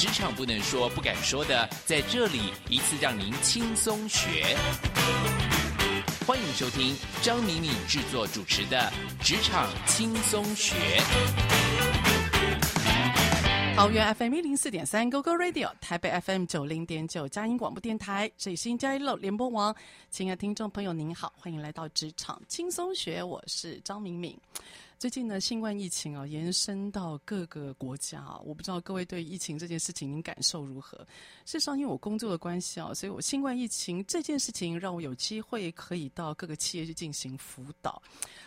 職場不能說、不敢說的，在這裡一次讓您輕鬆學。歡迎收聽張明敏製作主持的《職場輕鬆學》。桃園 FM 一零四點三，Go Go Radio，台北 FM 九零點九，佳音廣播電台，最新加入聯播網。親愛的聽眾朋友，您好，歡迎來到《職場輕鬆學》，我是張明敏。最近呢，新冠疫情啊，延伸到各個國家啊，我不知道各位對疫情這件事情您感受如何？事實上，因為我工作的關係啊，所以我新冠疫情這件事情讓我有機會可以到各個企業去進行輔導。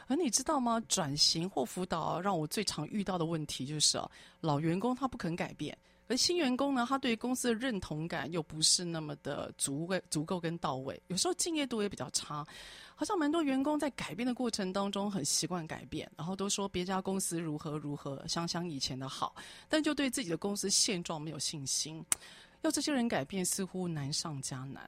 而你知道嗎？轉型或輔導啊，讓我最常遇到的問題就是啊，老員工他不肯改變，而新員工呢，他對於公司的認同感又不是那麼的足足夠跟到位，有時候敬業度也比較差。好像蠻多員工在改變的過程當中很習慣改變，然後都說別家公司如何如何，想想以前的好，但就對自己的公司現狀沒有信心。要這些人改變似乎難上加難，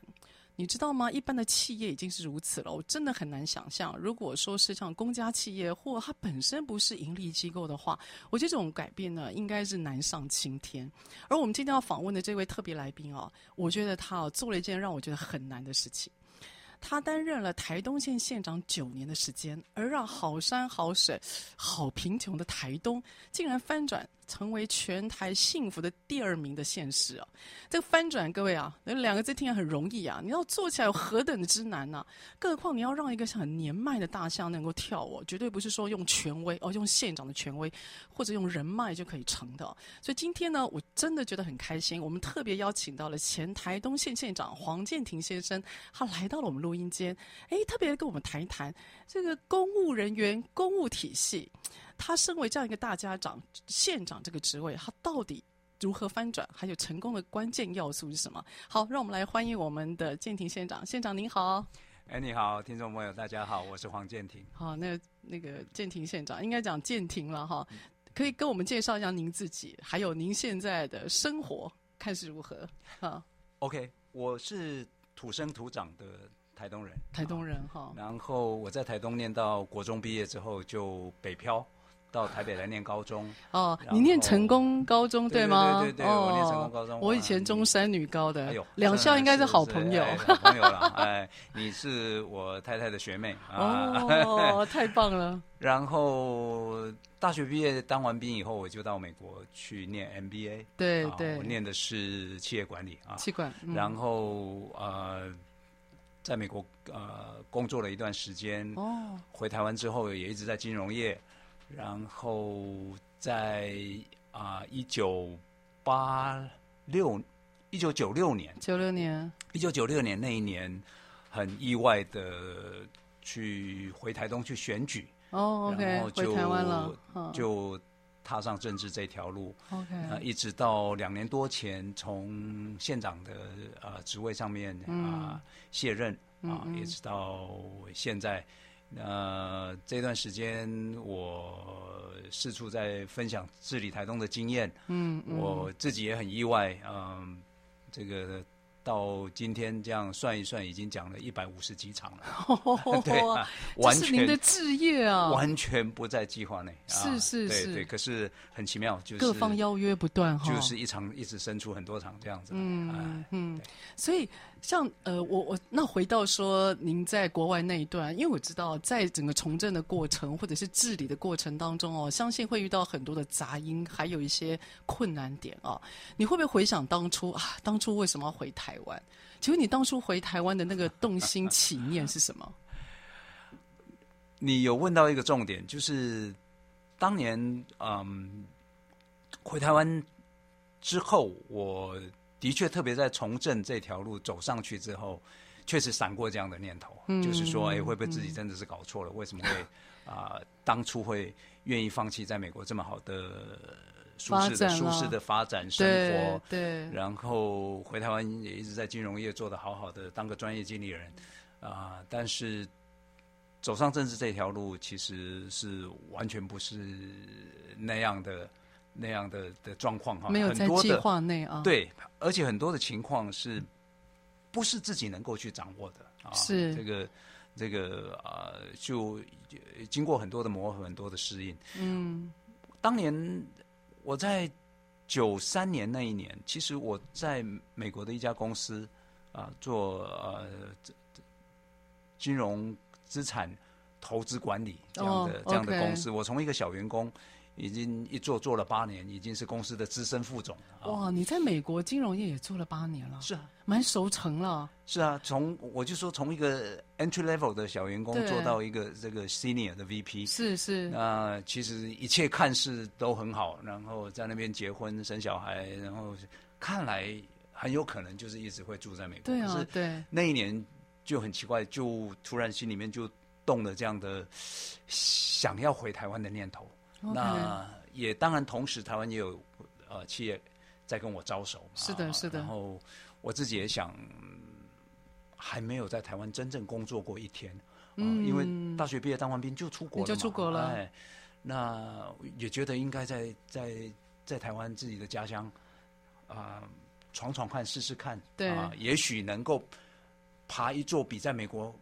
你知道嗎？一般的企業已經是如此了，我真的很難想象，如果說是像公家企業或它本身不是盈利機構的話，我覺得這種改變呢，應該是難上青天。而我們今天要訪問的這位特別來賓哦，我覺得他哦做了一件讓我覺得很難的事情。他擔任了台東縣縣長九年的時間，而讓好山好水、好貧窮的台東竟然翻轉。成為全台幸福的第二名的現實、啊、這個翻轉，各位啊，那兩個字聽起來很容易啊，你要做起來有何等之難呢、啊？更何況你要讓一個像很年邁的大象能夠跳舞，絕對不是說用權威哦，用縣長的權威或者用人脈就可以成的。所以今天呢，我真的覺得很開心，我們特別邀請到了前台東縣縣長黃健庭先生，他來到了我們錄音間，哎，特別跟我們談一談這個公務人員、公務體系。他身為這樣一個大家長、縣長這個職位，他到底如何翻轉？還有成功的關鍵要素是什麼？好，讓我們來歡迎我們的健庭縣長。縣長您好，哎，、欸，你好，聽眾朋友，大家好，我是黃健庭。好，那那個健庭縣長，應該講健庭了哈、哦。可以跟我們介紹一下您自己，還有您現在的生活，看是如何哈 OK 我是土生土長的台東人，台東人哈、啊。然後我在台東念到國中畢業之後，就北漂。到台北來念高中哦，你念成功高中對嗎？對對對，對，對，哦，我念成功高中。我以前中山女高的，哎哎、呦兩校應該是好朋友，哎、好朋友了。 哎，你是我太太的學妹、哦、啊，太棒了。然後大學畢業當完兵以後，我就到美國去念 MBA。對對，我念的是企業管理啊，企管、嗯。然後呃，在美國呃工作了一段時間，哦，回台灣之後也一直在金融業。然後在啊，一九八六一九九六年，九六年，一九九六年那一年，很意外的去回台東去選舉哦、oh，OK，然後就回台灣了，就踏上政治這條路、oh. 呃、OK，一直到兩年多前從縣長的呃職位上面啊、呃嗯、卸任啊，一、呃嗯嗯、直到現在。呃，這段時間我四處在分享治理台東的經驗。嗯，嗯我自己也很意外。嗯、呃，這個到今天這樣算一算，已經講了一百五十幾場了。哦、對，啊、是完是您的職業啊，完全不在計劃內。啊、是是是，對對。可是很奇妙，就是各方邀約不斷，哦，就是一場一直生出很多場這樣子。嗯嗯、哎，所以。像呃，我我那回到說，您在國外那一段，因為我知道在整個從政的過程或者是治理的過程當中哦，相信會遇到很多的雜音，還有一些困難點啊、哦。你會不會回想當初啊？當初為什麼要回台灣？請問你當初回台灣的那個動心起念是什麼？你有問到一個重點，就是當年嗯，回台灣之後我。的確，特別在從政這條路走上去之後，確實閃過這樣的念頭，嗯、就是說，哎、欸，會不會自己真的是搞錯了？嗯。為什麼會啊、嗯呃，當初會願意放棄在美國這麼好的，舒適的、舒適的、舒適的發展生活？對，對，然後回台灣也一直在金融業做得好好的，當個專業經理人啊、呃。但是走上政治這條路，其實是完全不是那樣的。那樣的的狀況哈，沒有在計劃內啊。很多的，對，而且很多的情況是不是自己能夠去掌握的啊？是這個這個啊、呃，就經過很多的磨合，很多的適應。嗯，當年我在九三年那一年，其實我在美國的一家公司啊、呃，做呃金融資產投資管理這樣的、哦 okay、這樣的公司，我從一個小員工。已經一做做了八年，已經是公司的資深副總了。哇，你在美國金融業也做了八年了。是啊，蠻熟成了。是啊，從我就說從一個 entry level 的小員工做到一個這個 senior 的 VP，是是。那、啊、其實一切看似都很好，然後在那邊結婚生小孩，然後看來很有可能就是一直會住在美國。對啊，對。那一年就很奇怪，就突然心裡面就動了這樣的想要回台灣的念頭。Okay. 那也當然，同時台灣也有呃企業在跟我招手。是的，是的。啊、然後我自己也想，還沒有在台灣真正工作過一天。呃、嗯，因為大學畢業當完兵就出國了嘛。就出國了，哎。那也覺得應該在在在台灣自己的家鄉啊闖闖看試試看。對。啊，也許能夠爬一座比在美國。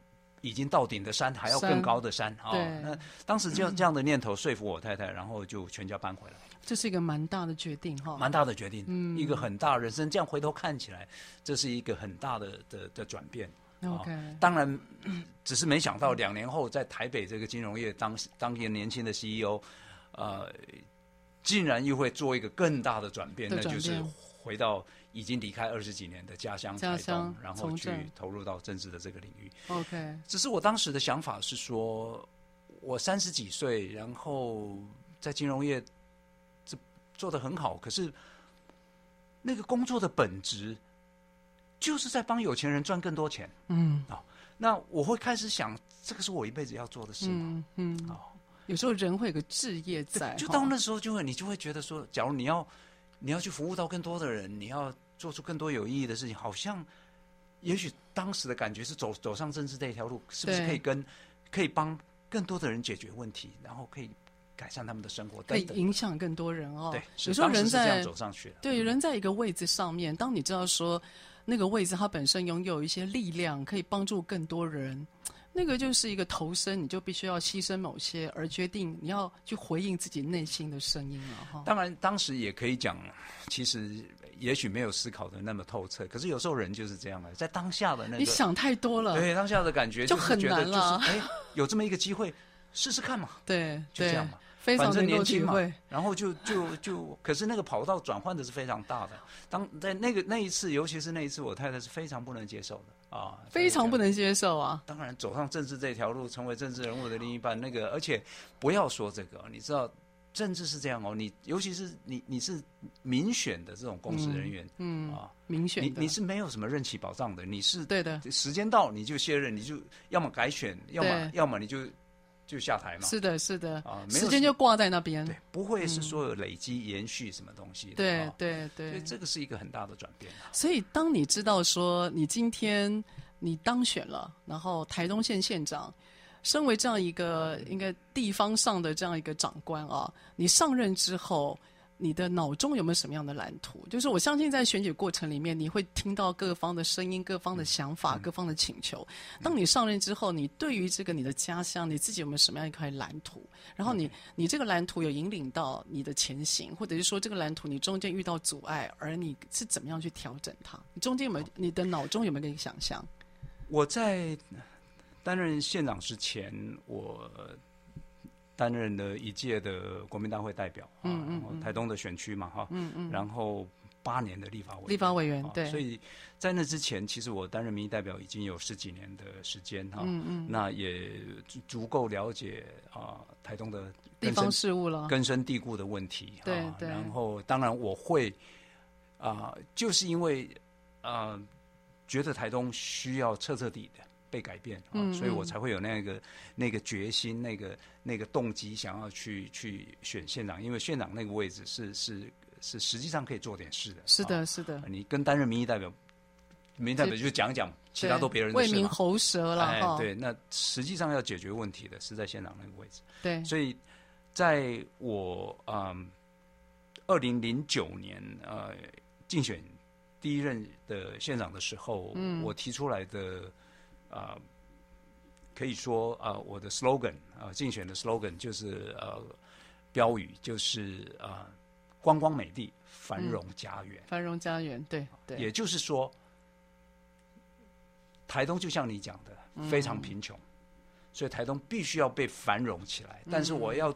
已經到頂的山，還要更高的山，山、哦、對、那當時這樣這樣的念頭說服我太太，然後就全家搬回來。這是一個蠻大的決定哈，蠻大的決定，嗯、一個很大的人生。這樣回頭看起來，這是一個很大的的的轉變。哦、o、okay. 當然，只是沒想到兩年後在台北這個金融業當當年年輕的 CEO，呃，竟然又會做一個更大的轉變，轉變那就是回到。已經離開二十幾年的家鄉台東，然後去投入到政治的這個領域。OK，只是我當時的想法是說，我三十幾歲，然後在金融業這做得很好，可是那個工作的本質就是在幫有錢人賺更多錢。嗯、哦，那我會開始想，這個是我一輩子要做的事嗎？嗯，嗯、哦，有時候人會有個志業在、哦，就到那時候就會，你就會覺得說，假如你要。你要去服務到更多的人，你要做出更多有意義的事情。好像，也許當時的感覺是走走上政治這一條路，是不是可以跟，可以幫更多的人解決問題，然後可以改善他們的生活？對，可以影響更多人哦。對，有時候人在這樣，走上去了。對，人在一個位置上面，當你知道說那個位置它本身擁有一些力量，可以幫助更多人。那個就是一個投身，你就必須要犧牲某些，而決定你要去回應自己內心的聲音了哈。當然，當時也可以講，其實也許沒有思考的那麼透徹。可是有時候人就是這樣的，在當下的那個，你想太多了。對，當下的感覺就是覺得，就是，就很難了，就是欸。有這麼一個機會，試試看嘛。對， 就這樣嘛。非常能夠體會。反正年輕嘛。然後就就就，就，可是那個跑道轉換的是非常大的。當在那個那一次，尤其是那一次，我太太是非常不能接受的。啊、哦，非常不能接受啊！當然，走上政治這條路，成為政治人物的另一半，那個， 而且不要說這個、哦，你知道，政治是這樣哦。你尤其是你，你是民選的這種公職人員，嗯啊，民、嗯哦、選的，你你是沒有什麼任期保障的，你是對的，時間到你就卸任，你就要麼改選，要麼要麼你就。就下台嘛。是的，是的，啊，時間就掛在那邊，對，不會是說累積延續什麼東西，嗯。對，對，對，所以這個是一個很大的轉變，啊。所以當你知道說你今天你當選了，然後台東縣縣長，身為這樣一個應該地方上的這樣一個長官啊，你上任之後。你的腦中有沒有什麼樣的藍圖？就是我相信，在選舉過程裡面，你會聽到各方的聲音、各方的想法、嗯、各方的請求。當你上任之後，你對於這個你的家鄉，你自己有沒有什麼樣的一塊藍圖？然後你、嗯，你這個藍圖有引領到你的前行，或者是說這個藍圖你中間遇到阻礙，而你是怎麼樣去調整它？中間有沒有、哦、你的腦中有沒有一個想象？我在擔任縣長之前，我擔任了一屆的國民大會代表，嗯嗯，然後台東的選區嘛，哈，嗯嗯，然後八年的立法委員，立法委員對。所以在那之前，其實我擔任民意代表已經有十幾年的時間，哈，嗯嗯，那也足夠了解啊台東的地方事務了，根深蒂固的問題，對對，然後當然我會啊，就是因為啊，覺得台東需要徹徹底底的。被改變、啊嗯，所以我才會有那個那個決心、那個那個動機，想要去去選縣長，因為縣長那個位置是是是實際上可以做點事的。是的，啊、是的。你跟擔任民意代表，民意代表就講講，其他都別人為民喉舌了。哎，哦、對，那實際上要解決問題的是在縣長那個位置。對，所以在我嗯二零零九年呃競選第一任的縣長的時候、嗯，我提出來的。啊、呃，可以說啊、呃，我的 slogan 啊、呃，競選的 slogan 就是呃，標語就是啊、呃，觀光美麗，繁榮家園，繁榮家園，對對，也就是說，台東就像你講的、嗯、非常貧窮，所以台東必須要被繁榮起來，但是我要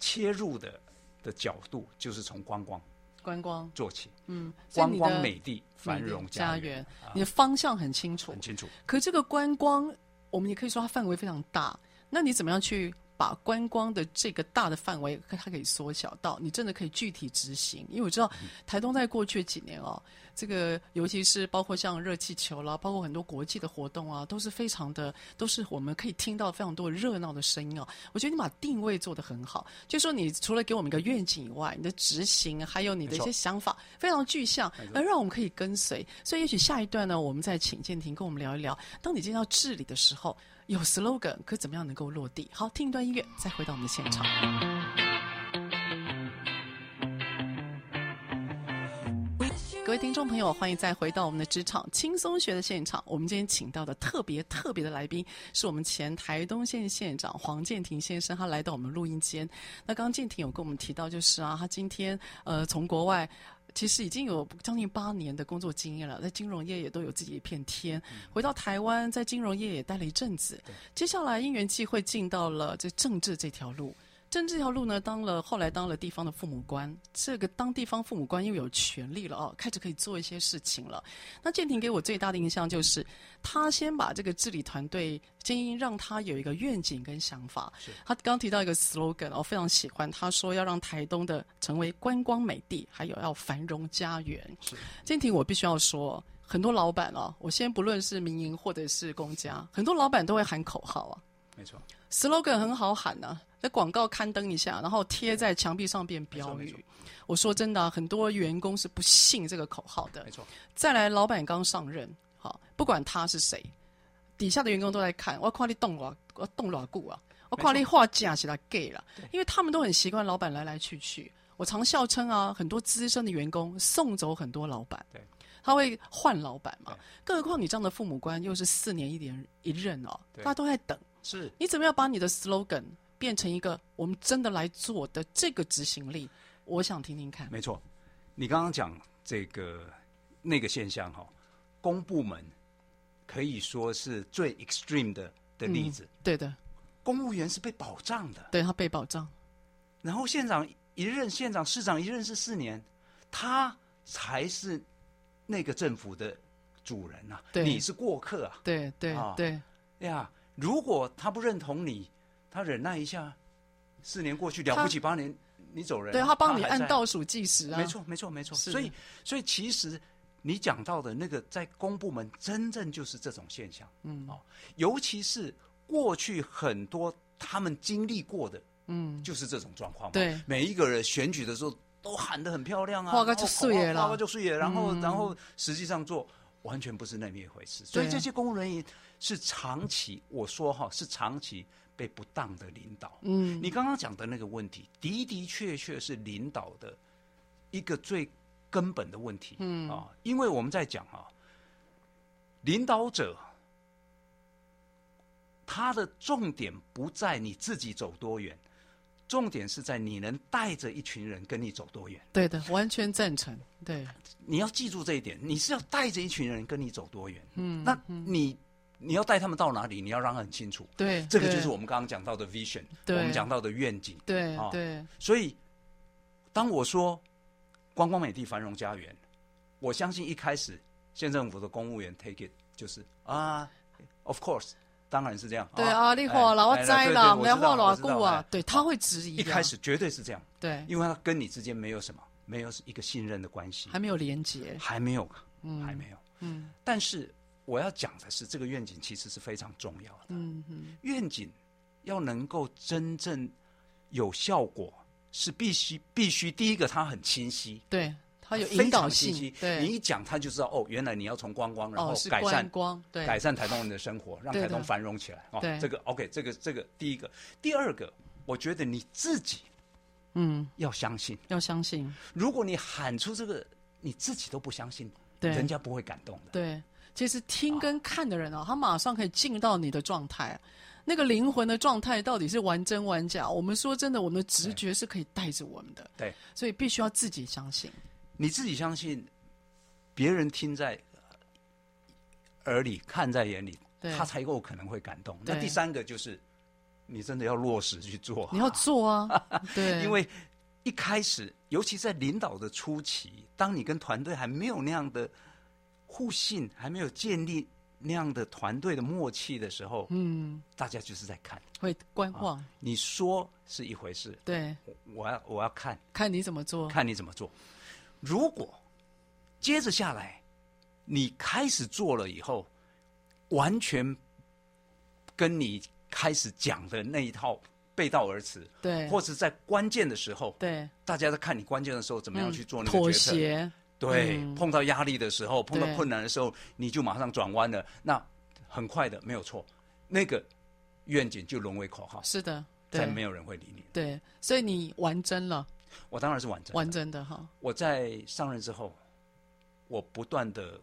切入的的角度就是從觀光。觀光做起，嗯，觀光美的，繁榮家園，嗯，你的方向很清楚，啊，很清楚。可這個觀光，我們也可以說它範圍非常大，那你怎麼樣去，把觀光的這個大的範圍，它可以縮小到你真的可以具體執行。因為我知道台東在過去幾年哦，這個尤其是包括像熱氣球啦，包括很多國際的活動啊，都是非常的，都是我們可以聽到非常多的熱鬧的聲音哦、啊。我覺得你把定位做得很好，就是說你除了給我們一個願景以外，你的執行還有你的一些想法非常具象，而讓我們可以跟隨。所以也許下一段呢，我們再請健庭跟我們聊一聊，當你進到治理的時候。有 slogan，可怎麼樣能夠落地？好，聽一段音樂，再回到我們的現場。各位聽眾朋友，歡迎再回到我們的職場輕鬆學的現場。我們今天請到的特別特別的來賓，是我們前台東縣縣長黃健庭先生，他來到我們錄音間。那剛剛健庭有跟我們提到，就是啊，他今天呃從國外。其實已經有將近八年的工作經驗了，在金融業也都有自己一片天。回到台灣，在金融業也待了一陣子，接下來因緣際會進到了這政治這條路。真這條路呢，當了後來當了地方的父母官，這個當地方父母官又有權力了哦，開始可以做一些事情了。那健庭給我最大的印象就是，他先把這個治理團隊建議讓他有一個願景跟想法是。他剛提到一個 slogan，我非常喜歡，他說要讓台東的成為觀光美地，還有要繁榮家園。是健庭，我必須要說，很多老闆哦、啊，我先不論是民營或者是公家，很多老闆都會喊口號啊。沒錯，slogan 很好喊呢、啊。在廣告刊登一下，然後貼在牆壁上邊標語。我說真的，啊，很多員工是不信這個口號的。沒錯。再來，老板剛上任，哦，不管他是誰，底下的員工都在看。我誇你動腦，我動腦骨啊！我誇你話架起來 Gay 了，因為他們都很習慣老板來來去去。我常笑稱啊，很多資深的員工送走很多老板，對他會換老板嘛？更何況你這樣的父母官又是四年一點一任哦，大家都在等。是，你怎麼要把你的 slogan，變成一個我們真的來做的這個執行力，我想聽聽看。沒錯，你剛剛講這個那個現象哈、哦，公部門可以說是最 extreme 的的例子、嗯。對的，公務員是被保障的，對他被保障。然後縣長一任，縣長市長一任是四年，他才是那個政府的主人吶、啊。對，你是過客啊。對對、哦、對呀、啊，如果他不認同你。他忍耐一下，四年過去了不起，八年你走人、啊。對他幫你按倒數計時啊！沒錯，沒錯，沒錯。所以，所以其實你講到的那個在公部門，真正就是這種現象。嗯、哦，啊，尤其是過去很多他們經歷過的，嗯，就是這種狀況、嗯。對，每一個人選舉的時候都喊得很漂亮啊，花個就碎了，花個就碎了。然後，然後、嗯，然後實際上做完全不是那麼一回事、嗯。所以這些公務人員是長期，嗯、我說哈、哦，是長期被不當的領導，嗯，你剛剛講的那個問題，的的確確是領導的一個最根本的問題，嗯啊，因為我們在講啊，領導者他的重點不在你自己走多遠，重點是在你能帶着一群人跟你走多遠。對的，完全贊成。對，你要記住這一點，你是要帶着一群人跟你走多遠。嗯，那你。嗯你要帶他們到哪裡？你要讓他很清楚。對，這個就是我們剛剛講到的 vision，對，我們講到的願景。對、啊，對。所以，當我說觀光美地繁榮家園，我相信一開始縣政府的公務員 take it 就是啊，of course，當然是這樣。對啊，綠化，然後栽了我要花老古啊，欸，對，對，對啊啊啊，他會質疑，啊啊。一開始絕對是這樣。對，因為他跟你之間沒有什麼，沒有一個信任的關係，還沒有連接，還沒有，嗯，還沒有，嗯。但是。我要講的是，這個願景其實是非常重要的。嗯嗯，願景要能夠真正有效果，是必須必須第一個，它很清晰。對，它有引導性非常清晰。對，你一講，他就知道哦，原來你要從觀光，光，然後改善，哦、光對，改善台東人的生活，讓台東繁榮起來。哦，這個 OK，這個這個第一個，第二個，我覺得你自己嗯要相信、嗯，要相信。如果你喊出這個，你自己都不相信，對人家不會感動的。對。其實聽跟看的人哦、啊，他馬上可以進到你的狀態、啊，那個靈魂的狀態到底是玩真玩假？我們說真的，我們的直覺是可以帶着我們的，對，所以必須要自己相信。你自己相信，別人聽在耳裡，看在眼裡，他才有可能會感動。那第三個就是，你真的要落實去做、啊。你要做啊， 對，因為一開始，尤其在領導的初期，當你跟團隊還沒有那樣的。互信還沒有建立那樣的團隊的默契的時候，嗯，大家就是在看，會觀望。啊，你說是一回事，對，我，我要我要看看你怎麼做，看你怎麼做。如果接着下來，你開始做了以後，完全跟你開始講的那一套背道而馳，對，或者在關鍵的時候，對，大家在看你關鍵的時候怎麼樣去做那個決策對、嗯，碰到壓力的時候，碰到困難的時候，你就馬上轉彎了。那很快的，沒有錯，那個願景就淪為口號。是的，再沒有人會理你。對，所以你玩真了。我當然是玩真，玩真的哈。我在上任之後，我不斷的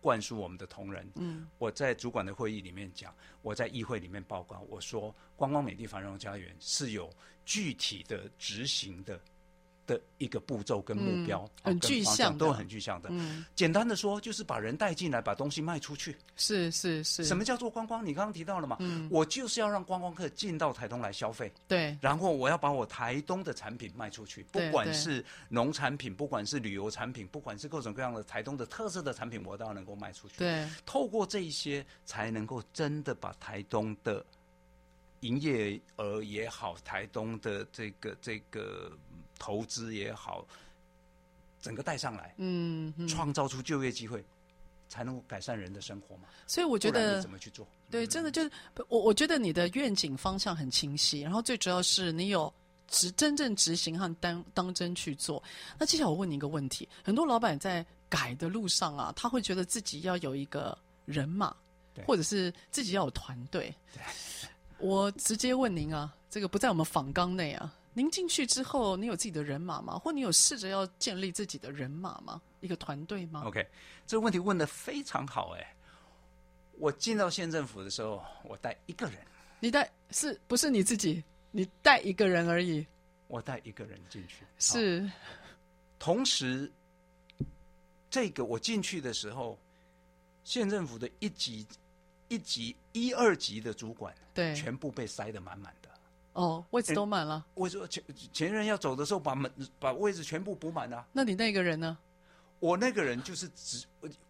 灌輸我們的同仁。嗯，我在主管的會議裡面講，我在議會裡面報告，我說“觀光美地繁榮家園”是有具體的執行的。的一個步驟跟目標，嗯、很具象，都很具象的。嗯，簡單的說，就是把人帶進來，把東西賣出去。是是是。什麼叫做觀光？你剛剛提到了嘛、嗯，我就是要讓觀光客進到台東來消費。對。然後我要把我台東的產品賣出去，不管是農產品，不管是旅遊產品，不管是各種各樣的台東的特色的產品，我都要能夠賣出去。對。透過這一些，才能夠真的把台東的營業額也好，台東的這個這個。投資也好，整個帶上來，嗯，創、嗯、造出就業機會，才能夠改善人的生活嘛。所以我覺得你怎麼去做？對，真的就是我，我覺得你的願景方向很清晰，然後最主要是你有執真正執行和當當真去做。那接下來我問你一個問題，很多老板在改的路上啊，他會覺得自己要有一個人馬，或者是自己要有團隊。對 我直接問您啊，這個不在我們訪綱內啊。您進去之後，你有自己的人馬嗎？或你有試着要建立自己的人馬嗎？一個團隊嗎？OK，這個問題問得非常好。哎，我進到縣政府的時候，我帶一個人。你帶是不是你自己？你帶一個人而已。我帶一個人進去。是、哦。同時，這個我進去的時候，縣政府的一級、一級、一二級的主管，對，全部被塞得滿滿的。哦、oh,，位置都滿了、欸。我說前前任要走的時候，把門把位置全部補滿了。那你那個人呢？我那個人就是只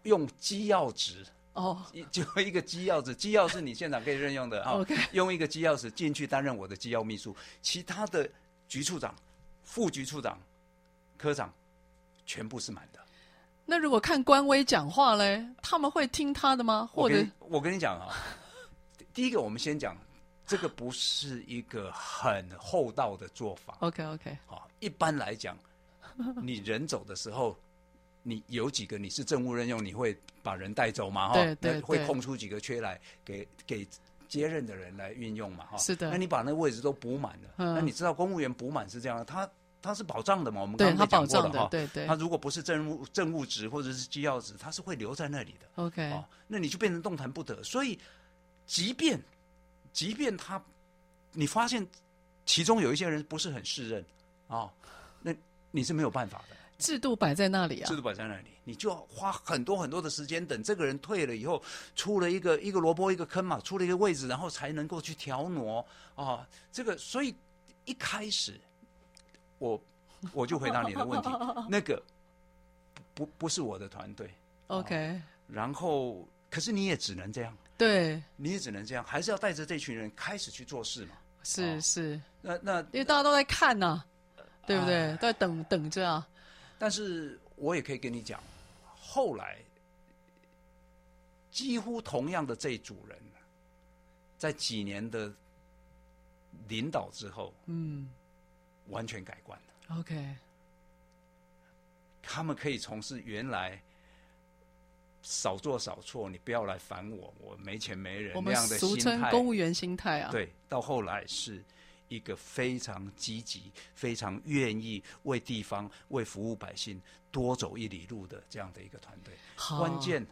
用機要職。哦、oh.，一，就一個機要職，機要是你現場可以任用的啊， 哦 okay. 用一個機要職進去擔任我的機要秘書。其他的局處長、副局處長、科長全部是滿的。那如果看官微講話嘞，他們會聽他的嗎？或者我跟你講啊，哦、 第一個我們先講。這個不是一個很厚道的做法。OK OK、哦。好，一般來講，你人走的時候， 你有幾個你是政務任用，你會把人帶走嘛？哈、哦，對對對。那會空出幾個缺來給給接任的人來運用嘛？哈、哦，是的。那你把那位置都補滿了，嗯、那你知道公務員補滿是這樣的，他他是保障的嘛？我們剛剛講過了哈，對對。他、哦、如果不是政務政務職或者是機要職，他是會留在那裡的。OK、哦。那你就變成動彈不得。所以，即便即便他，你發現其中有一些人不是很適任啊，哦，那你是沒有辦法的。制度擺在那裡啊，制度擺在那裡，你就要花很多很多的時間等這個人退了以後，出了一個一個蘿蔔一個坑嘛，出了一個位置，然後才能夠去調挪啊。這個所以一開始我我就回答你的問題， 那個不不是我的團隊，OK，哦，然後可是你也只能這樣。對，你也只能這樣，還是要帶着這群人開始去做事嘛。是、哦、是、是，那那因為大家都在看吶、啊呃，對不對？都在等等着啊。但是我也可以跟你講，後來幾乎同樣的這一組人，在幾年的領導之後，嗯，完全改觀了。OK，他們可以從事原來。少做少錯，你不要來煩我，我沒錢沒人那樣的心態。我們俗稱公務員心態啊。對，到後來是一個非常積極、非常願意為地方、為服務百姓多走一里路的這樣的一個團隊。好，關鍵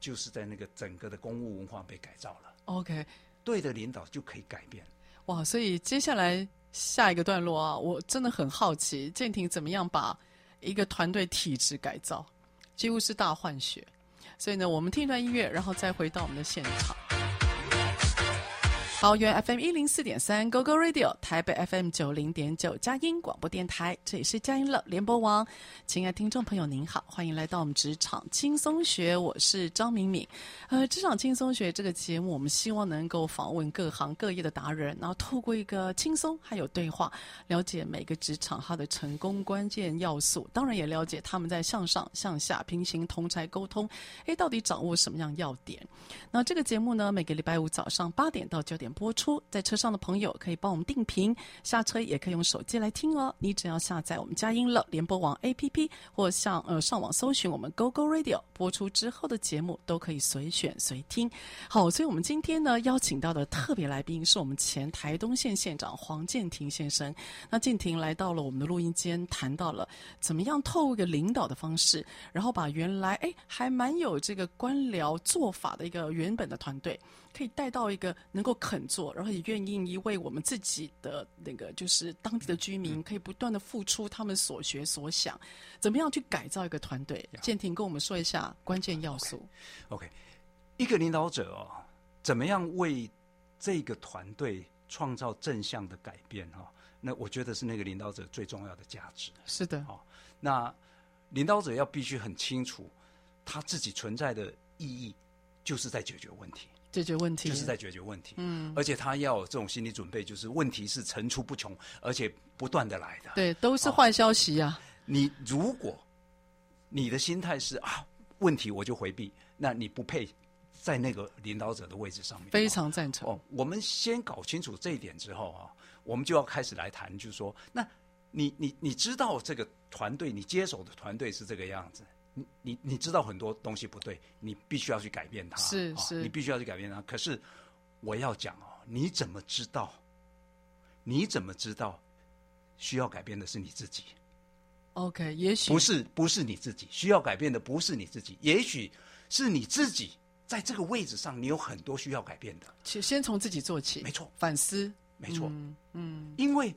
就是在那個整個的公務文化被改造了。OK，對的領導就可以改變。哇，所以接下來下一個段落啊，我真的很好奇健庭怎麼樣把一個團隊體制改造，幾乎是大換血。所以呢，我們聽一段音樂，然後再回到我們的現場。桃園 FM 一零四點三，Go Go Radio，台北 FM 九零點九，佳音廣播電台，這裡是佳音樂聯播網。親愛的聽眾朋友，您好，歡迎來到我們職場輕鬆學。我是張敏敏。呃，職場輕鬆學這個節目，我們希望能夠訪問各行各業的達人，然後透過一個輕鬆還有對話，了解每個職場他的成功關鍵要素。當然也了解他們在向上、向下、平行同儕溝通，誒，到底掌握什麼樣要點？那這個節目呢，每個禮拜五早上八點到九點。播出，在車上的朋友可以幫我們定頻，下車也可以用手機來聽哦。你只要下載我們佳音樂聯播網 APP，或像呃上網搜尋我們 GoGo Radio 播出，之後的節目都可以隨選隨聽。好，所以我們今天呢邀請到的特別來賓是我們前台東縣縣長黃健庭先生。那健庭來到了我們的錄音間，談到了怎麼樣透過一個領導的方式，然後把原來哎還蠻有這個官僚做法的一個原本的團隊。可以帶到一個能夠肯做，然後也願意為我們自己的那個，就是當地的居民，可以不斷的付出他們所學所想，怎麼樣去改造一個團隊，嗯，健庭跟我們說一下關鍵要素。嗯、okay, OK，一個領導者哦，怎麼樣為這個團隊創造正向的改變哦？哈，那我覺得是那個領導者最重要的價值。是的，好哦，那領導者要必須很清楚他自己存在的意義，就是在解決問題。解決問題，就是在解決問題。嗯，而且他要有這種心理準備，就是問題是層出不窮，而且不斷的來的。對，都是壞消息呀、啊哦。你如果你的心態是啊，問題我就回避，那你不配在那個領導者的位置上面。非常贊成。哦，我們先搞清楚這一點之後啊、哦，我們就要開始來談，就是說，那你你你知道這個團隊，你接手的團隊是這個樣子。你你你知道很多東西不對，你必須要去改變它。是是、哦,你必須要去改變它。可是我要講哦，你怎麼知道？你怎麼知道需要改變的是你自己？OK，也許不是不是你自己需要改變的，不是你自己，自己也許是你自己在這個位置上，你有很多需要改變的。先先從自己做起，沒錯，反思，沒錯、嗯，嗯，因為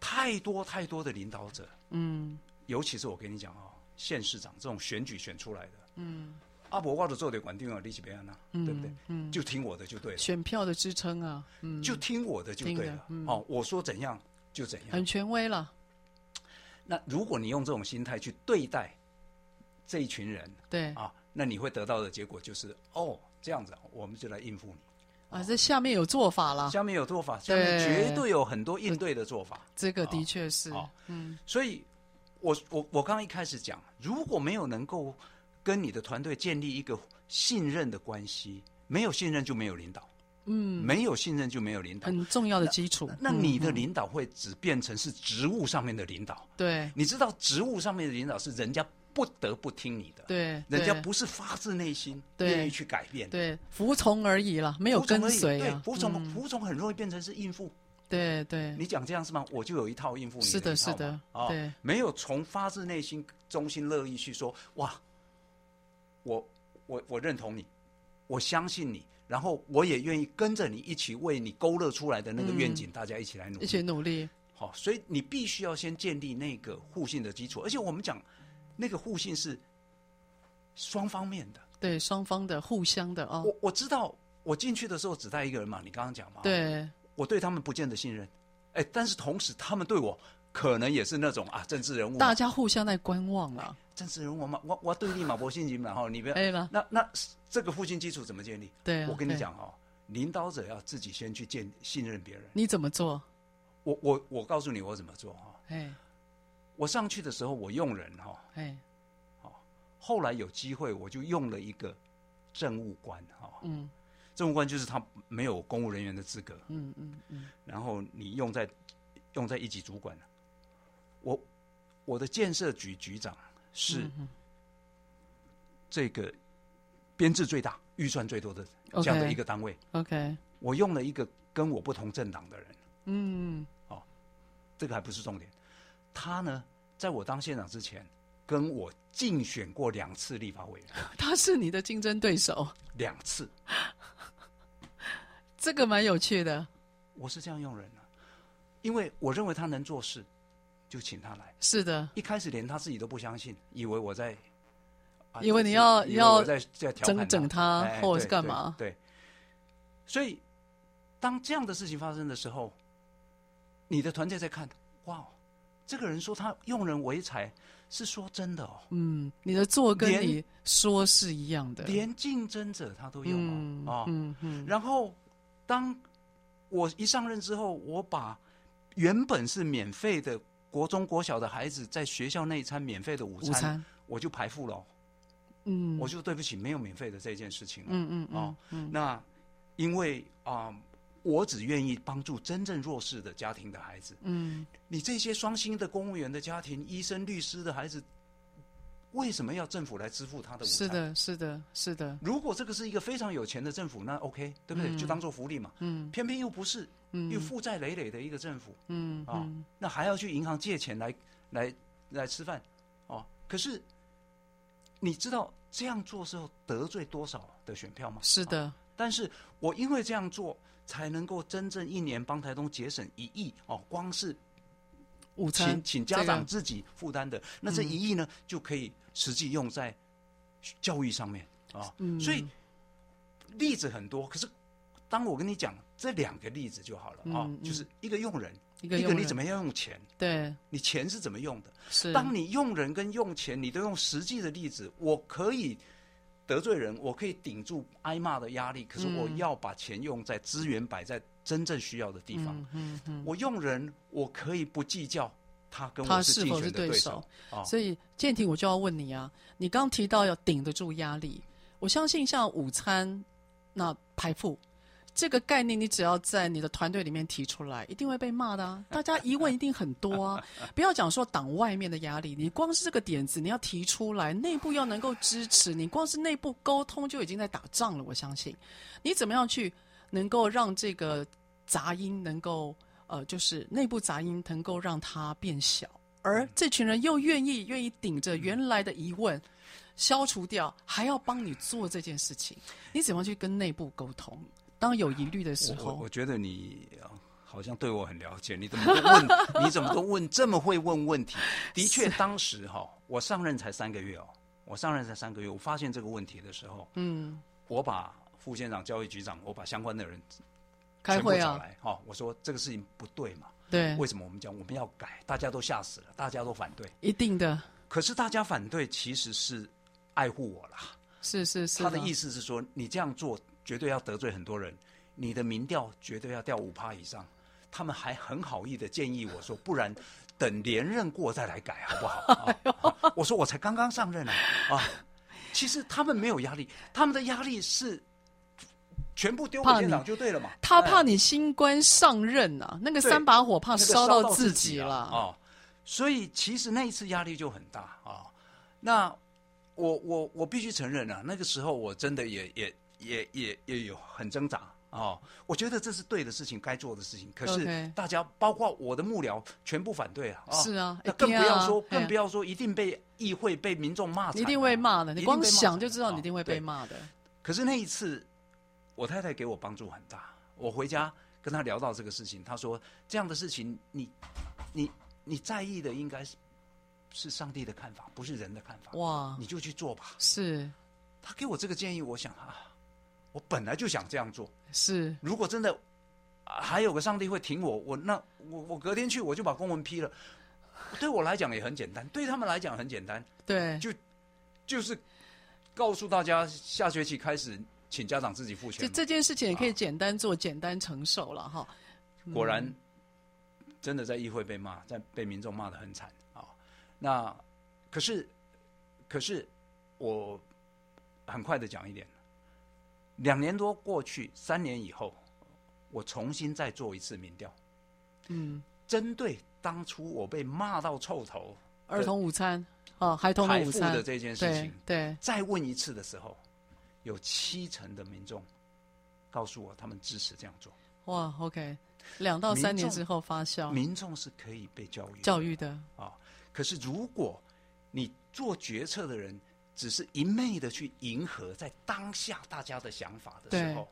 太多太多的領導者，嗯，尤其是我跟你講哦。縣市長這種選舉選出來的，嗯，阿伯掛的座頭，管定了，你是欲按怎，對不對？嗯，就聽我的就對了，選票的支撐啊，嗯，就聽我的就對了，嗯、哦，我說怎樣就怎樣，很權威了。那如果你用這種心態去對待這一群人，對啊，那你會得到的結果就是，哦，這樣子、啊，我們就來應付你啊、哦。這下面有做法了，下面有做法，下面絕對有很多應對的做法，這個的確是，啊、嗯、哦，所以。我我我剛剛一開始講，如果沒有能夠跟你的團隊建立一個信任的關係，沒有信任就沒有領導。嗯，沒有信任就沒有領導，很重要的基礎。那、嗯、那你的領導會只變成是職務上面的領導。對、嗯，你知道職務上面的領導是人家不得不聽你的，對，人家不是發自內心願意去改變，對，對服從而已啦，沒有跟隨、啊嗯，對，服從服從很容易變成是應付。對對，你講這樣是嗎？我就有一套應付你的。是的，是的，啊、哦，沒有從發自內心、衷心樂意去說哇，我我我認同你，我相信你，然後我也願意跟着你一起為你勾勒出來的那個願景，嗯、大家一起來努力，一起努力。好、哦，所以你必須要先建立那個互信的基礎，而且我們講那個互信是雙方面的，對雙方的互相的啊、哦。我我知道，我進去的時候只帶一個人嘛，你剛剛講嘛，對。我對他們不見得信任，哎，但是同時他們對我可能也是那種啊，政治人物。大家互相在觀望了、啊啊。政治人物嘛，我我對立馬博信任蠻好， 你們不要。 那那這個互信基礎怎麼建立？對、啊，我跟你講哦，領導者要自己先去建信任別人。你怎麼做？我我我告訴你我怎麼做哈、哦。哎。我上去的時候我用人哈、哦。哎。好，後來有機會我就用了一個政務官哈、哦。嗯。政務官就是他沒有公務人員的資格。嗯嗯嗯。然後你用在用在一級主管，我我的建設局局長是這個編制最大、預算最多的、嗯、這樣的一個單位。Okay, OK。我用了一個跟我不同政黨的人。嗯嗯。哦，這個還不是重點。他呢，在我當縣長之前，跟我競選過兩次立法委員。他是你的競爭對手。兩 次。這個蠻有趣的，我是這樣用人啊，因為我認為他能做事，就請他來。是的，一開始連他自己都不相信，以為我在，因、啊、為你要你要在在調整他，整他或者，哎，是幹嘛？對，對對，所以當這樣的事情發生的時候，你的團隊在看，哇，這個人說他用人唯才是說真的哦。嗯，你的做跟你說是一樣的，連，連競爭者他都用了，哦，啊，嗯、哦，嗯，嗯，嗯，然後。當我一上任之後，我把原本是免費的國中、國小的孩子在學校內餐免費的午餐、午餐，我就排富了。嗯，我就對不起，沒有免費的這件事情。嗯、嗯、嗯、嗯哦，那因為啊、呃，我只願意幫助真正弱勢的家庭的孩子。嗯，你這些雙薪的公務員的家庭、醫生、律師的孩子，為什麼要政府來支付他的午餐？是的，是的，是的。如果這個是一個非常有錢的政府，那 OK，對不對？嗯、就當做福利嘛。嗯，偏偏又不是，又負債累累的一個政府。嗯啊、哦嗯嗯，那還要去銀行借錢來來來吃飯哦。可是你知道這樣做是要得罪多少的選票嗎？是的，哦、但是我因為這樣做才能夠真正一年幫台東節省一億哦，光是。午餐，請，請家長自己負擔的，這個嗯、那這一億呢，就可以實際用在教育上面、嗯、啊。所以例子很多，可是當我跟你講這兩個例子就好了、嗯、啊，就是一個，一個用人，一個你怎麼樣用錢，對、嗯，你錢是怎麼用的？是，當你用人跟用錢，你都用實際的例子，我可以。得罪人，我可以頂住挨罵的壓力，可是我要把錢用在資源擺在真正需要的地方。嗯嗯，我用人，我可以不計較他跟我是不是、是對手。哦，所以健庭，我就要問你啊，你剛提到要頂得住壓力，我相信像午餐那排富。這個概念，你只要在你的團隊裡面提出來，一定會被罵的啊！大家疑問一定很多啊！不要講說擋外面的壓力，你光是這個點子你要提出來，內部要能夠支持你，你光是內部溝通就已經在打仗了。我相信，你怎麼樣去能夠讓這個雜音能夠呃，就是內部雜音能夠讓它變小，而這群人又願意願意頂着原來的疑問消除掉，還要幫你做這件事情，你怎麼去跟內部溝通？當有疑慮的時候，我，我覺得你好像對我很了解，你怎麼都問， 你怎麼都問這麼會問問題？的確，當時哈，我上任才三個月哦，我上任才三個月，我發現這個問題的時候，嗯，我把副縣長、教育局長，我把相關的人全部找來開會啊，哈，我說這個事情不對嘛，對，為什麼我們講我們要改，大家都嚇死了，大家都反對，一定的，可是大家反對其實是愛護我啦，是是是，他的意思是說你這樣做。絕對要得罪很多人，你的民調絕對要掉五趴以上。他們還很好意的建議我說，不然等連任過再來改 好不好、啊 啊？我說我才剛剛上任啊！啊，其實他們沒有壓力，他們的壓力是全部丟給你，就對了嘛。怕哎、他怕你新官上任啊，那個三把火怕燒到自己了啊、那個、啊，啊。所以其實那一次壓力就很大啊。那我我我必須承認啊，那個時候我真的也也。也也也有很掙扎啊、哦！我覺得這是對的事情，該做的事情。可是大家，okay. 包括我的幕僚，全部反對啊、哦！是啊，更不要說，欸啊、更不要說、啊，一定被議會、被民眾罵慘。一定會罵的、啊，你光想就知道你一定會被罵的、哦哦。可是那一次，我太太給我幫助很大。我回家跟她聊到這個事情，她說：“這樣的事情，你你你在意的應該是是上帝的看法，不是人的看法。哇，你就去做吧。是”是她給我這個建議，我想啊。我本來就想這樣做。是，如果真的還有個上帝會挺我，我那我我隔天去我就把公文批了。對我來講也很簡單，對他們來講很簡單。對，就就是告訴大家，下學期開始請家長自己付錢。就這件事情也可以簡單做，啊、簡單承受了哈。果然，真的在議會被罵，在被民眾罵得很慘啊。那可是可是我很快的講一點。兩年多過去，三年以後，我重新再做一次民調，嗯，針對當初我被罵到臭頭，兒童午餐哦，孩童午餐的這件事情、啊對，對，再問一次的時候，有七成的民眾告訴我他們支持這樣做。哇，OK，兩到三年之後發酵，民眾，民眾是可以被教育教育的啊。可是如果你做決策的人，只是一昧的去迎合在當下大家的想法的時候，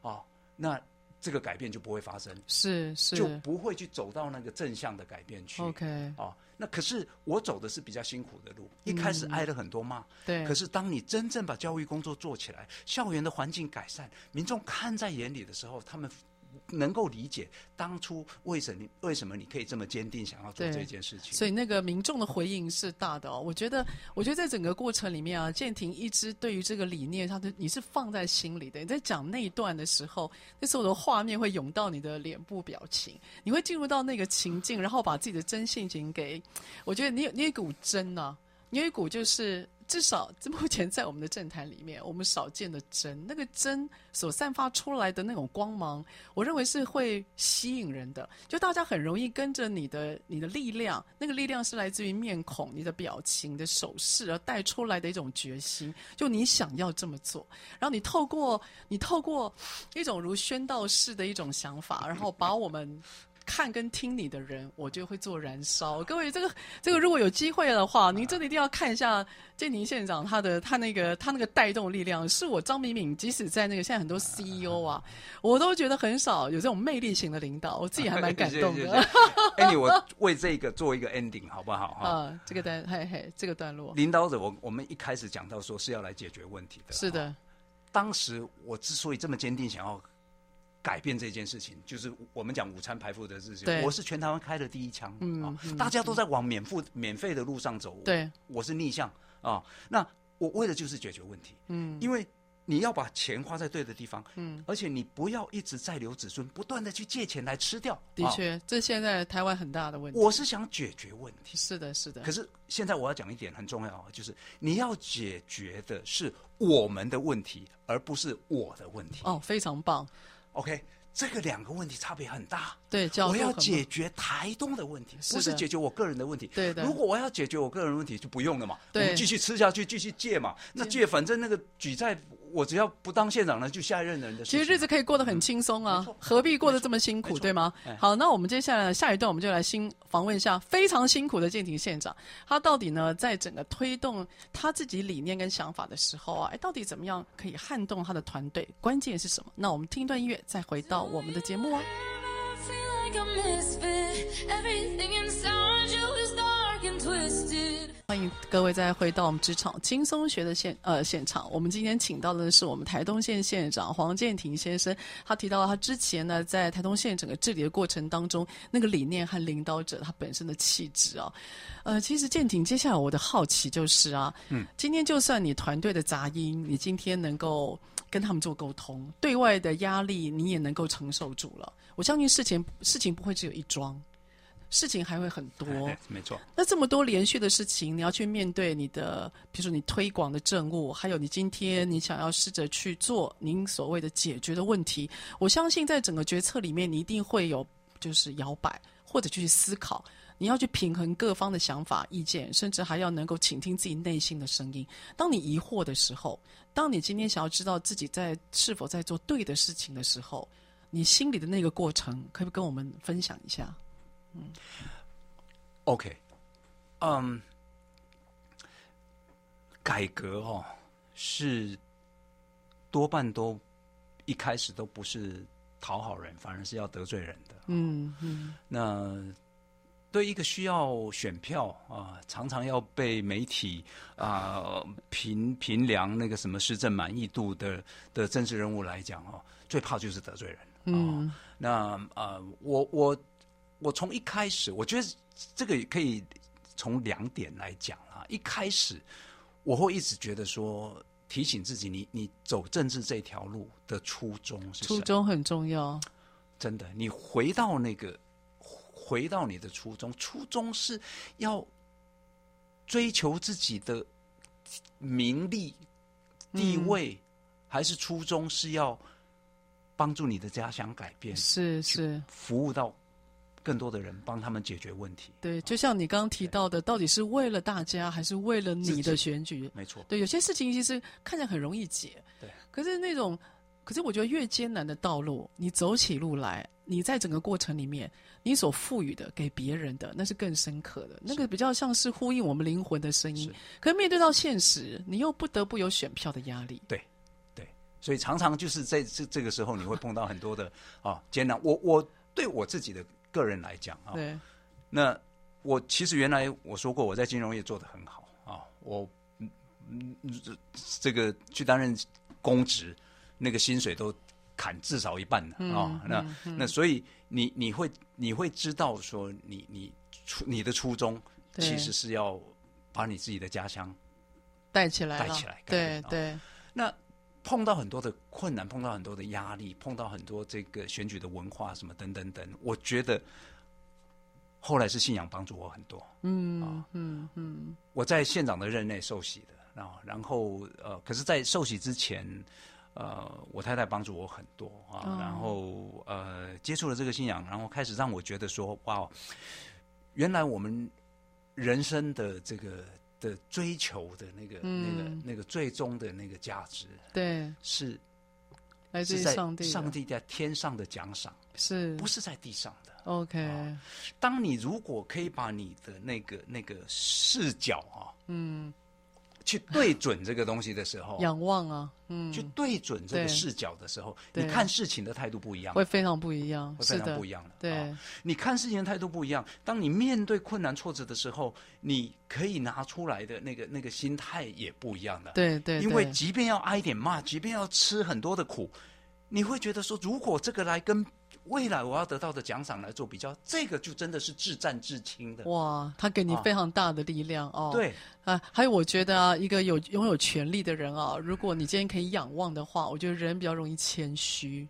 啊、哦，那這個改變就不會發生，是是，就不會去走到那個正向的改變去。OK，啊、哦，那可是我走的是比較辛苦的路，一開始挨了很多罵，對、嗯，可是當你真正把教育工作做起來，校園的環境改善，民眾看在眼裡的時候，他們。能夠理解當初為什麼為什麼你可以這麼堅定想要做這件事情，所以那個民眾的回應是大的、哦嗯。我覺得，我覺得在整個過程裡面啊，健庭一直對於這個理念，他的你是放在心裡的。你在講那一段的時候，那時候的畫面會湧到你的臉部表情，你會進入到那個情境，嗯、然後把自己的真性情給。我覺得你有那一股真呢、啊，有一股就是。至少，目前在我們的政壇裡面，我們少見的真，那個真所散發出來的那種光芒，我認為是會吸引人的。就大家很容易跟着你的你的力量，那個力量是來自於面孔、你的表情、你的手勢而帶出來的一種決心。就你想要這麼做，然後你透過你透過一種如宣道式的一種想法，然後把我們。 看跟聽你的人，我就會做燃燒。各位，這個這個，如果有機會的話，您、啊、真的一定要看一下健庭縣長他的他那個他那個帶動力量，是我張敏敏。即使在那個現在很多 CEO 啊，啊，我都覺得很少有這種魅力型的領導。我自己還蠻感動的。Annie 我為這個做一個 ending， 好不好？哈、啊啊，這個段嘿嘿，這個段落。領導者，我我們一開始講到說是要來解決問題的。是的，啊、當時我之所以這麼堅定，想要。改變這件事情，就是我們講午餐排富的事情。我是全台灣開的第一槍。嗯、哦、嗯，大家都在往免付、嗯、免費的路上走。對，我是逆向啊、哦。那我為的就是解決問題。嗯，因為你要把錢花在對的地方。嗯，而且你不要一直在留子孫，不斷的去借錢來吃掉。的確、哦，這現在台灣很大的問題。我是想解決問題。是的，是的。可是現在我要講一點很重要啊，就是你要解決的是我們的問題，而不是我的問題。哦，非常棒。OK，這個兩個問題差別很大。對，我要解決台東的問題，不是解決我個人的問題。對，如果我要解決我個人問題，就不用了嘛。對。我們繼續吃下去，繼續借嘛。那借，反正那個舉債。我只要不當縣長呢，就下一任的人的了。其實日子可以過得很輕鬆啊，嗯、何必過得這麼辛苦，對嗎？好、嗯，那我們接下來下一段，我們就來新訪問一下非常辛苦的健庭縣長，他到底呢在整個推動他自己理念跟想法的時候啊，哎，到底怎麼樣可以撼動他的團隊？關鍵是什麼？那我們聽一段音樂，再回到我們的節目啊。 歡迎各位再回到我們職場輕鬆學的現呃現場。我們今天請到的是我們台東縣縣長黃健庭先生。他提到了他之前呢，在台東縣整個治理的過程當中，那個理念和領導者他本身的氣質啊。呃，其實健庭接下來我的好奇就是啊，嗯，今天就算你團隊的雜音，你今天能夠跟他們做溝通，對外的壓力你也能夠承受住了。我相信事情事情不會只有一樁。事情還會很多對對，沒錯。那這麼多連續的事情，你要去面對你的，比如說你推廣的政務，還有你今天你想要試着去做您所謂的解決的問題。我相信在整個決策裡面，你一定會有就是搖擺，或者去思考，你要去平衡各方的想法、意見，甚至還要能夠傾聽自己內心的聲音。當你疑惑的時候，當你今天想要知道自己在是否在做對的事情的時候，你心裡的那個過程，可不可以跟我們分享一下？嗯，OK，嗯、um,，改革哦，是多半都一開始都不是討好人，反而是要得罪人的，哦。嗯嗯。那對一個需要選票啊、呃，常常要被媒體啊、呃、評評量那個什麼施政滿意度的的政治人物來講哦，最怕就是得罪人。哦，嗯。那啊、呃，我我。我從一開始，我覺得這個可以從兩點來講啊。一開始，我會一直覺得說，提醒自己，你你走政治這條路的初衷是？初衷很重要，真的。你回到那個，回到你的初衷，初衷是要追求自己的名利地位，嗯，還是初衷是要幫助你的家鄉改變？是是，服務到。更多的人幫他們解決問題。對，就像你剛剛提到的、啊，到底是為了大家，還是為了你的選舉？沒錯。對，有些事情其實看起來很容易解。對。可是那種，可是我覺得越艱難的道路，你走起路來，你在整個過程裡面，你所賦予的給別人的，那是更深刻的。那個比較像是呼應我們靈魂的聲音。是。可是面對到現實，你又不得不有選票的壓力。對。對。所以常常就是在這 這個時候，你會碰到很多的啊艱難。我我對我自己的。個人來講啊，對，那我其實原來我說過，我在金融業做得很好啊，我這個去擔任公職，那個薪水都砍至少一半的啊、嗯哦，那、嗯嗯、那所以你你會你會知道說你，你你初你的初衷其實是要把你自己的家鄉帶起來，帶起來，對對、哦，那。碰到很多的困難，碰到很多的壓力，碰到很多這個選舉的文化什麼等等等，我覺得後來是信仰幫助我很多。嗯，啊，嗯嗯，我在縣長的任內受洗的，然後，然後呃，可是在受洗之前，呃，我太太幫助我很多啊，嗯，然後呃，接觸了這個信仰，然後開始讓我覺得說，哇，原來我們人生的這個。的追求的那個、嗯、那個、那個最終的那個價值，對，是來自上帝，上帝在天上的獎賞，是，不是在地上的？OK，啊，當你如果可以把你的那個、那個視角啊，嗯。去對準這個東西的時候， 仰望啊，嗯，去對準這個視角的時候，對，你看事情的態度不一樣，會非常不一樣是，會非常不一樣的。對、啊，你看事情的態度不一樣，當你面對困難挫折的時候，你可以拿出來的那個那個心態也不一樣的。對對，因為即便要挨點罵，即便要吃很多的苦，你會覺得說，如果這個來跟。未來我要得到的獎賞來做比較，這個就真的是至暫至輕的。哇，他給你非常大的力量，啊、哦。對啊，還有我覺得啊，一個有擁有權力的人啊，如果你今天可以仰望的話，我覺得人比較容易謙虛。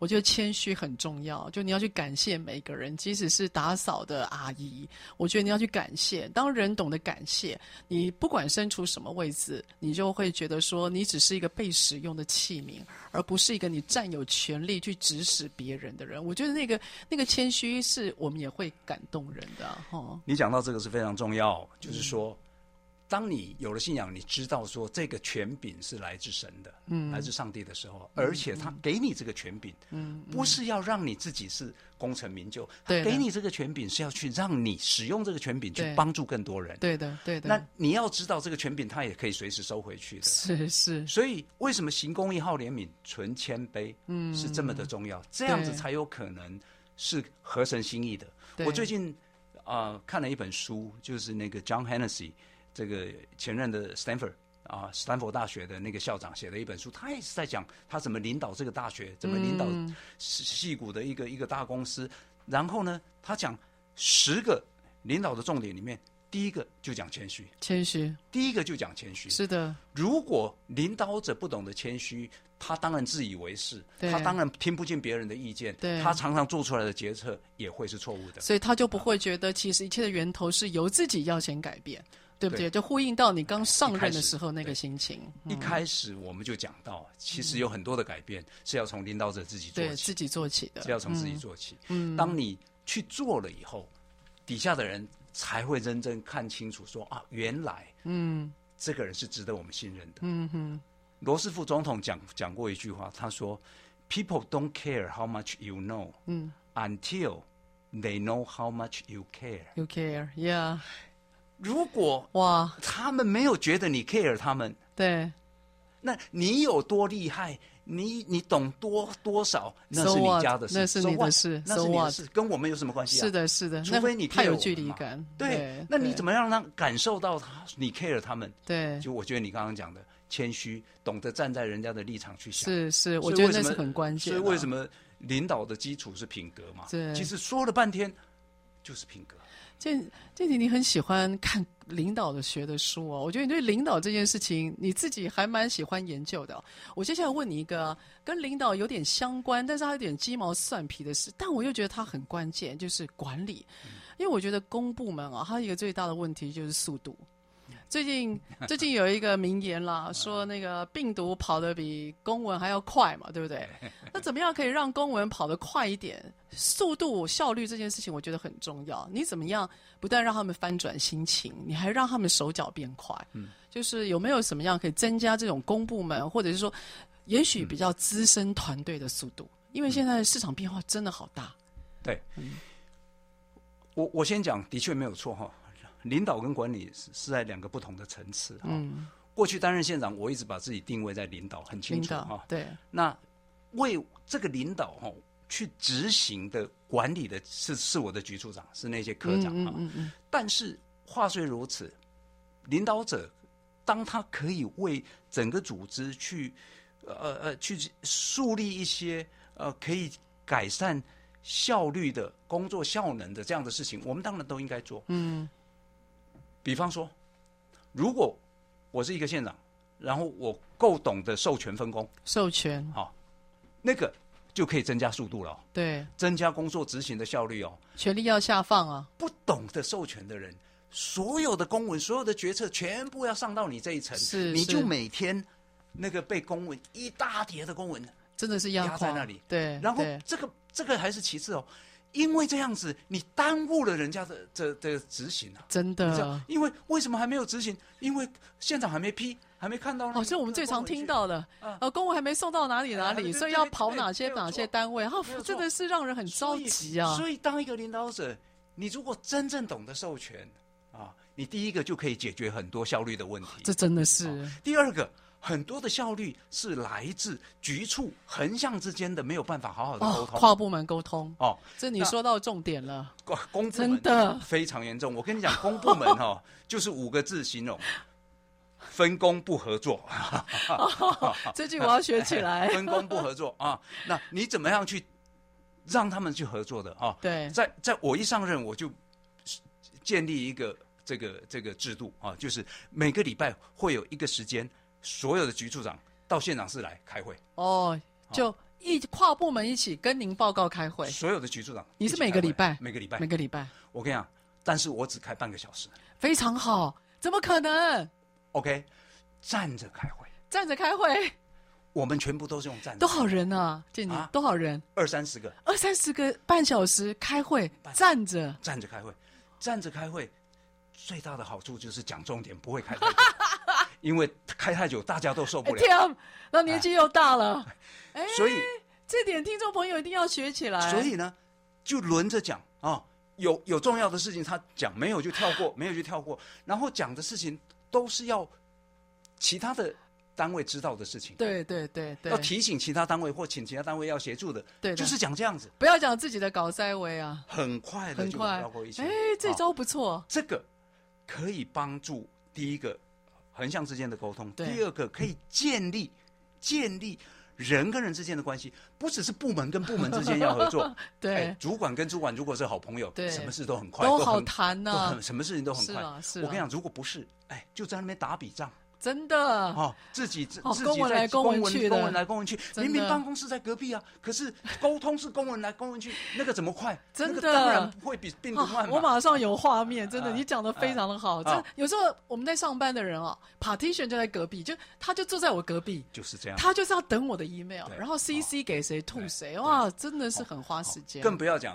我覺得謙虛很重要，就你要去感謝每個人，即使是打掃的阿姨，我覺得你要去感謝。當人懂得感謝，你不管身處什麼位置，你就會覺得說，你只是一個被使用的器皿，而不是一個你占有權利去指使別人的人。我覺得那個那個謙虛，是我們也會感動人的哈。你講到這個是非常重要，嗯、就是說。當你有了信仰，你知道說這個權柄是來自神的，嗯，來自上帝的時候，嗯、而且他給你這個權柄，嗯，不是要讓你自己是功成名就、嗯，他給你這個權柄是要去讓你使用這個權柄去幫助更多人，對的，對的。對的，那你要知道這個權柄，他也可以隨時收回去的，是是。所以為什麼行公義、好憐憫、存謙卑，嗯，是這麼的重要，這樣子才有可能是合神心意的。我最近啊、呃、看了一本書，就是那個 John Hennessy。這個前任的 Stanford 啊，Stanford 大學的那個校長寫的一本書，他也是在講他怎麼領導這個大學，怎麼領導矽谷的一個、嗯、一個大公司。然後呢，他講十個領導的重點裡面，第一個就講謙虛，謙虛。第一個就講謙虛，是的。如果領導者不懂得謙虛，他當然自以為是，他當然聽不進別人的意見，對，他常常做出來的決策也會是錯誤的。所以他就不會覺得，其實一切的源頭是由自己要先改變。對不對，對？就呼應到你剛上任的時候那個心情，一、嗯。一開始我們就講到，其實有很多的改變是要從領導者自己做起，對，自己做起的，是要從自己做起。嗯，當你去做了以後，底下的人才會認真看清楚說，說啊，原來，嗯，這個人是值得我們信任的。嗯哼，羅斯福總統講講過一句話，他說：“People don't care how much you know until they know how much you care. You care, yeah.” 如果哇，他們沒有覺得你 care 他們，對，那你有多厲害？你你懂多多少？那是你家的事，so what, so what, that is 你的事，so what、那是你的事，那是你的事，跟我們有什麼關係啊？是的是的，除非你太有距離感對對。對，那你怎麼樣讓他感受到他你 care 他們？對，就我覺得你剛剛講的謙虛，懂得站在人家的立場去想，是是，我覺得這是很關鍵。所以為什麼領導的基礎是品格嘛？對，其實說了半天就是品格。健庭，你很喜歡看領導的學的書哦，我覺得你對領導這件事情，你自己還蠻喜歡研究的、哦。我接下來問你一個跟領導有點相關，但是他有點雞毛蒜皮的事，但我又覺得他很關鍵，就是管理，嗯、因為我覺得公部門啊、哦，它一個最大的問題就是速度。最近最近有一個名言啦， 說那個病毒跑得比公文還要快嘛，對不對？那怎麼樣可以讓公文跑得快一點？速度效率這件事情我覺得很重要。你怎麼樣不但讓他們翻轉心情，你還讓他們手腳變快？嗯、就是有沒有什麼樣可以增加這種公部門或者是說，也許比較資深團隊的速度、嗯？因為現在市場變化真的好大。對，嗯、我我先講，的確沒有錯哈、哦。領導跟管理是在兩個不同的層次哈、嗯。過去擔任縣長，我一直把自己定位在領導，很清楚哈。對。那為這個領導哈去執行的管理的是是我的局處長，是那些科長哈、嗯嗯嗯。但是話雖如此，領導者當他可以為整個組織去呃呃去樹立一些呃可以改善效率的工作效能的這樣的事情，我們當然都應該做。嗯。比方說，如果我是一個縣長，然後我夠懂得授權分工，授權好、哦，那個就可以增加速度了、哦。對，增加工作執行的效率哦。權力要下放啊！不懂得授權的人，所有的公文、所有的決策，全部要上到你這一層，是，你就每天那個被公文一大疊的公文，真的是壓在那裡。對，然後這個這個還是其次哦。因為這樣子，你耽誤了人家的這這執行啊，真的。因為為什麼還沒有執行？因為縣長還沒批，還沒看到。好、哦、像我們最常聽到的，呃、啊，公文還沒送到哪裡哪裡，啊、所以要跑哪些哪些單位，啊，真的是讓人很着急啊。所以，所以當一個領導者，你如果真正懂得授權啊，你第一個就可以解決很多效率的問題。啊、這真的是、啊、第二個。很多的效率是來自局處，橫向之間的沒有辦法好好的溝通，哦，跨部門溝通哦。這你說到重點了，公部門真的非常嚴重。我跟你講，公部門哦， 就是五個字形容：分工不合作。最 近，哦，我要學起來，哎，分工不合作 啊。那你怎麼樣去讓他們去合作的啊？對，在在我一上任，我就建立一個這個這個制度啊，就是每個禮拜會有一個時間。所有的局處長到縣長室來開會哦，就一跨部門一起跟您報告開會。所有的局處長，你是每個禮拜？每個禮拜，每個禮拜。我跟你講，但是我只開半個小時，非常好，怎麼可能？OK，站着開會，站着開會。我們全部都是用站着，多少人啊？健庭，多少人？二三十個。二三十個半小時開會，站着，站着開會，站着開會。最大的好處就是講重點，不會開。 因為開太久，大家都受不了。那、哎啊、年紀又大了，哎，哎所以這點聽眾朋友一定要學起來。所以呢，就輪着講啊、哦，有有重要的事情他講，沒有就跳過，沒有就跳過、哎。然後講的事情都是要其他的單位知道的事情。對對對，對，要提醒其他單位或請其他單位要協助的，對的就是講這樣子，不要講自己的搞塞圍啊。很快，的就跳過一起。哎，這招不錯、哦，這個可以幫助第一個橫向之間的溝通，第二個可以建立建立人跟人之間的關係，不只是部門跟部門之間要合作， 對、哎，主管跟主管如果是好朋友，什麼事都很快，都好談呢、啊，什麼事情都很快。我跟你講，如果不是，哎，就在那邊打筆仗。真的好，哦，自己自自己在公文公文來公文去，的公文公文公文去的，明明辦公室在隔壁啊，可是溝通是公文來公文去，那個怎麼快？真的，那個，當然不會比病毒快。我馬上有畫面，真的，啊，你講的非常的好，啊真的啊。有時候我們在上班的人啊，哦，partition 就在隔壁，就他就坐在我隔壁，就是這樣，他就是要等我的 email，然後 cc 給誰吐誰，哇，真的是很花時間，哦。更不要講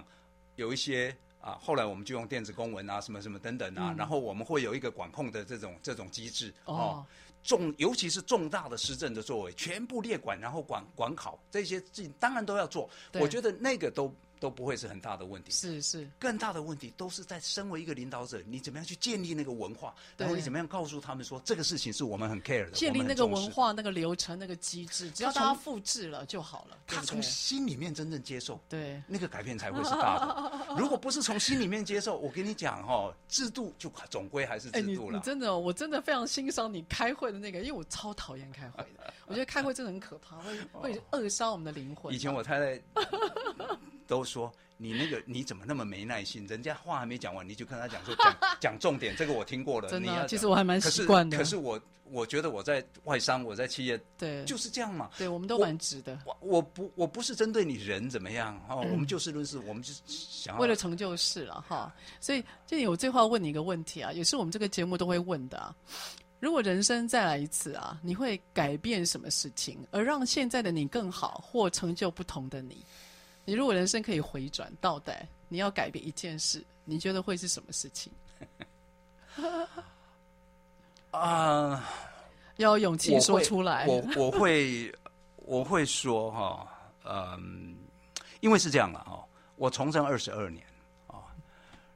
有一些。啊，後來我們就用電子公文啊，什麼什麼等等啊，嗯、然後我們會有一個管控的這種這種機制啊、哦哦，重尤其是重大的施政的作為，全部列管，然後管管考，這些事情，當然都要做。我覺得那個都。都不會是很大的問題。是是，更大的問題都是在身為一個領導者，你怎麼樣去建立那個文化，然後你怎麼樣告訴他們說這個事情是我們很 care 的。建立那個文化、那個流程、那個機製，只要大家複製了就好了。他從心裡面真正接受，對那個改變才會是大的。 如果不是從心裡面接受，我跟你講哈、哦，制度就總歸還是制度了。欸、真的，我真的非常欣賞你開會的那個，因為我超討厭開會的。 我覺得開會真的很可怕， 會會扼殺我們的靈魂。以前我太太。 都說你那個你怎麼那麼沒耐心？人家話還沒講完，你就跟他講說，講講重點。 這個我聽過了。真的、啊，其實我還蠻習慣的。可是，可是我我覺得我在外商，我在企業，對，就是這樣嘛。對，我，對我們都蠻直的。我我不我，我不是針對你人怎麼樣、哦嗯、我們就事論事，我們就是想要為了成就事了哈。所以，這裡我最後要問你一個問題啊，也是我們這個節目都會問的啊。如果人生再來一次啊，你會改變什麼事情，而讓現在的你更好，或成就不同的你？你如果人生可以回轉倒帶，你要改變一件事，你覺得會是什麼事情？ 啊，要勇氣說出來我。我我會 我會說哈、哦，嗯，因為是這樣了哈、哦，我從政二十二年。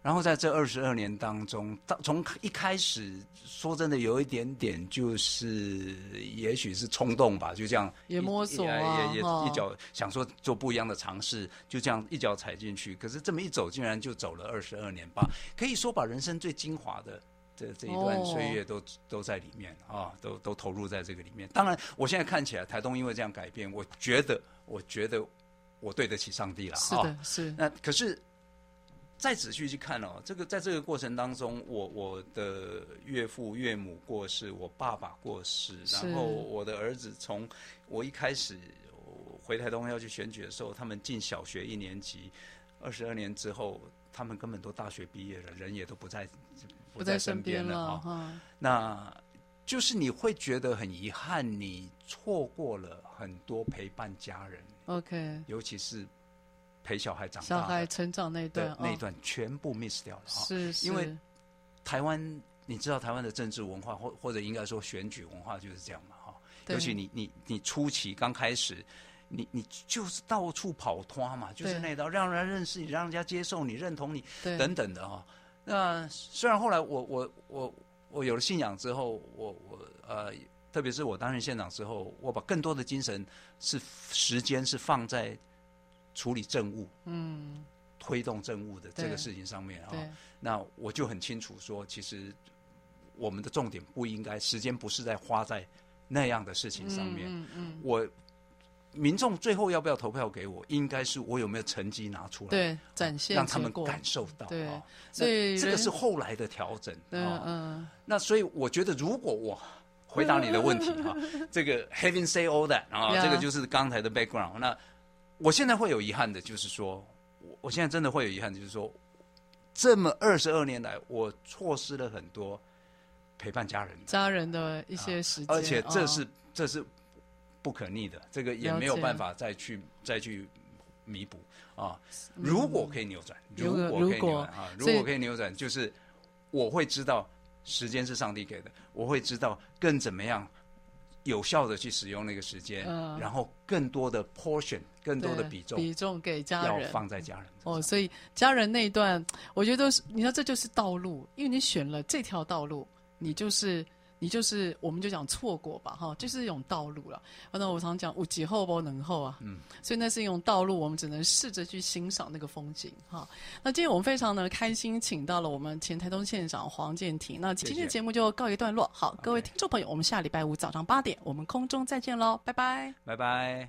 然後在這二十二年當中到，從一開始說真的有一點點，就是也許是衝動吧，就這樣也摸索、啊，也也一腳想說做不一樣的嘗試，哦、就這樣一腳踩進去。可是這麼一走，竟然就走了二十二年吧，可以說把人生最精華的這這一段歲月都、哦、都、都在裡面啊、哦，都都投入在這個裡面。當然，我現在看起來，台東因為這樣改變，我覺得我覺得我對得起上帝了，是的，哦、是那可是。再仔細去看哦，這個在這個過程當中，我我的岳父岳母過世，我爸爸過世，然後我的兒子從我一開始回台東要去選舉的時候，他們進小學一年級，二十二年之後，他們根本都大學畢業了，人也都不在，不在身邊了啊、哦。那就是你會覺得很遺憾，你錯過了很多陪伴家人。OK，尤其是。陪小孩長大，小孩成長那一段，對哦，那一段全部 miss 掉了。是，因為台灣，你知道台灣的政治文化，或或者應該說選舉文化就是這樣嘛，哈。尤其你你你初期剛開始，你你就是到處跑攤嘛，就是那一道讓人家認識你，讓人家接受你，認同你，對等等的哈，哦。那雖然後來我我我我有了信仰之後，我我呃，特別是我擔任縣長之後，我把更多的精神是時間是放在。處理政務，嗯，推動政務的這個事情上面啊，那我就很清楚說，其實我們的重點不應該，時間不是在花在那樣的事情上面。嗯嗯，我民眾最後要不要投票給我，應該是我有沒有成績拿出來，對，展現、啊、讓他們感受到對啊。所以這個是後來的調整。對啊，對啊對，那所以我覺得，如果我回答你的問題哈，uh, 這個 Having said all that 啊，yeah. 這個就是剛才的 background 那。我現在會有遺憾的，就是說我我現在真的會有遺憾，就是說，這麼二十二年來，我錯失了很多陪伴家人、家人的一些時間，啊、而且這是、哦、這是不可逆的，這個也沒有辦法再去再去彌補啊，如、嗯。如果可以扭轉，如果可，啊、以扭轉啊，如果可以扭轉，就是我會知道時間是上帝給的，我會知道更怎麼樣。有效的去使用那個時間，嗯，然後更多的 portion，更多的比重比重給家人，要放在家人哦。所以家人那一段，我覺得你說這就是道路，因為你選了這條道路，嗯，你就是。你就是，我們就講錯過吧，哈，就是一種道路了，啊。那我常講，無幾後不能後啊，嗯，所以那是一種道路，我們只能試着去欣賞那個風景，哈。那今天我們非常的開心，請到了我們前台東縣長黃健庭。那今天的節目就告一段落，謝謝，好，各位聽眾朋友，okay. 我們下禮拜五早上八點，我們空中再見嘍，拜拜，拜拜。